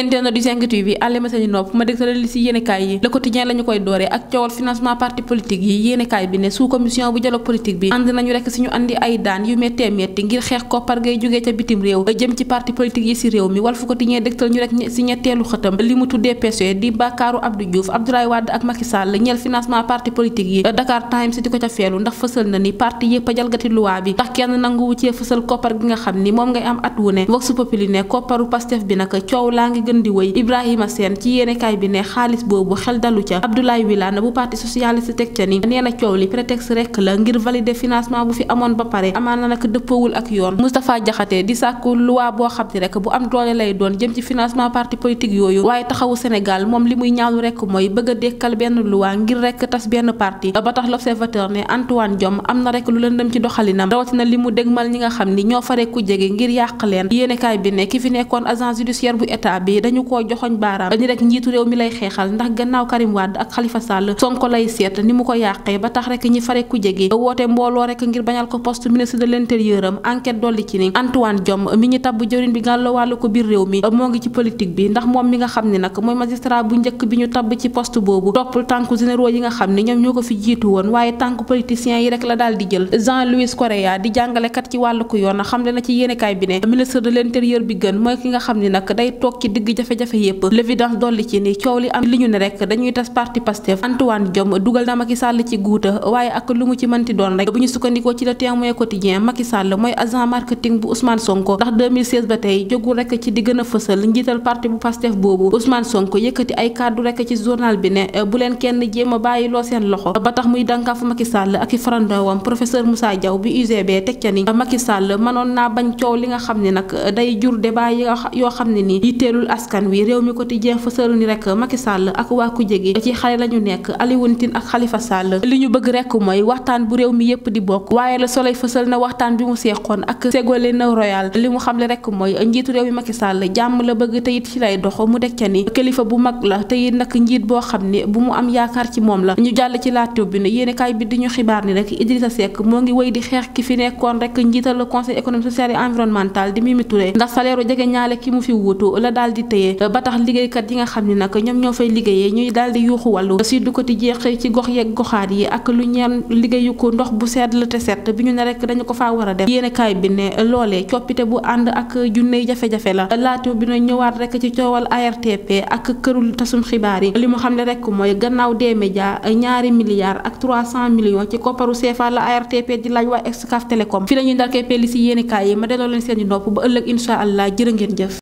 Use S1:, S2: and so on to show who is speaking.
S1: internet du seeni nopp ma dég li si yéenekaay yi Le Quotidien la ñu koy dooree ak coowal financement parti politique yi yéenekaay bi ne sous commission bu dialogue politique bi ànd nañu ñu andi ci ñetteelu xëtam li mu tuddee PCE di bàkkaaru Abdou Diouf Abdoulaye Wade ak Macky ñeel financement parti politique yi Dakar Times di ko ca feelu ndax fësal na ni parti yépp jalgati luwaa bi ndax kenn nanguwu cee fësal koppar gi nga xam ni moom ngay am at wu ne Vox gën a wëy Ibrahima Sène ci yéenekaay bi ne xaalis boobu xel dalu ca Abdoulaye Wilane bu parti socialiste teg ca ni nee coow li prétexte rekk la ngir valider financement bu fi amoon ba pare amaana nag dëppawul ak yoon Moustapha Diakhaté di sàkku loi boo xam ne rek bu am doole lay doon jëm ci financement parti politique yooyu waaye taxawu Sénégal moom li muy rekk mooy bëgg a dékkal benn loi ngir rekk tas benn parti ba tax l'observateur ne Antoine gi dañu koo joxoñ baaraam dañu rek njiitu réew mi lay xeexal ndax gannaaw Karim Wade ak Khalifa Sall Sonko lay seet ni mu ko yàqee ba tax rek ñi fare ku jege woote mbooloo rek ngir bañal ko poste ministre de l'intérieur am enquête dolli ci ni Antoine Diome mi ñu tabb jëwriñ bi gàllo wàllu ko biir réew mi moo ngi ci politique bi ndax moom mi nga xam ne nag mooy magistrat bu njëkk bi ñu tabb ci poste boobu toppul tànku généraux yi nga xam ni ñoom ñoo ko fi jiitu woon waaye tànku politiciens yi la daal di jël Jean Louis Correa di jàngalekat ci wàllu bi bi gën mooy gi jafe-jafe yépp l'évidence dolli ci ni coow li am li ñu ne rek dañuy tas parti Pastef Antoine Diome dugal na Macky Sall ci guuta waaye ak lu mu ci mënti doon rek bu ñu sukkandikoo ci le témoin quotidien Macky Sall mooy agent marketing bu Ousmane Sonko ndax ba tey jógul rek ci di gën fësal njiital parti bu Pastef boobu Ousmane Sonko yëkkati ay kàddu rek ci journal bi ne bu kenn jéem bàyyi loo seen loxo ba tax muy dànkaafu Macky Sall ak i farandoowam askan wi réew mi quotidien fësalu ni rek Macky Sall ak waa ku ci xale la ñu nekk Alioune Tine ak Khalifa Sall li ñu bëgg rek mooy waxtaan bu réew mi yépp di bokk waaye Le Soleil fësal na waxtaan bi mu seexoon ak Ségolène Royal li mu xam xamle rek mooy njiitu réew mi i Sall jàmm la bëgg te it ci lay dox mu dekk ni kilifa bu mag la te it nag njiit boo xam ni bu mu am yaakaar ci moom la ñu jàll ci laajte bi ne yéenekaay bi di ñu xibaar ni rek Idrissa Seck moo ngi wéy di xeex ki fi nekkoon rek njiital le conseil économique social et environnemental di Mimi di téye ba tax liggéeykat yi nga xam ne nag ñoom ñoo fay liggéeyee ñuy daal di yuuxu wàllu si du ko di jeex ci gox yeeg goxaat yi ak lu ñeen liggéeyu ko ndox bu sedd la te set bi ñu ne rek dañu ko faa war a def yéenekaay bi ne loolee coppite bu ànd ak junney jafe-jafe la laata bi na ñëwaat rek ci coowal ARTP ak kërul tasum xibaar yi li mu xam ne rek mooy gannaaw des médias ñaari milliards ak trois ci kopparu CFA la ARTP di laaj waa Excaf Télécom i nopp ba ëllëg incha allah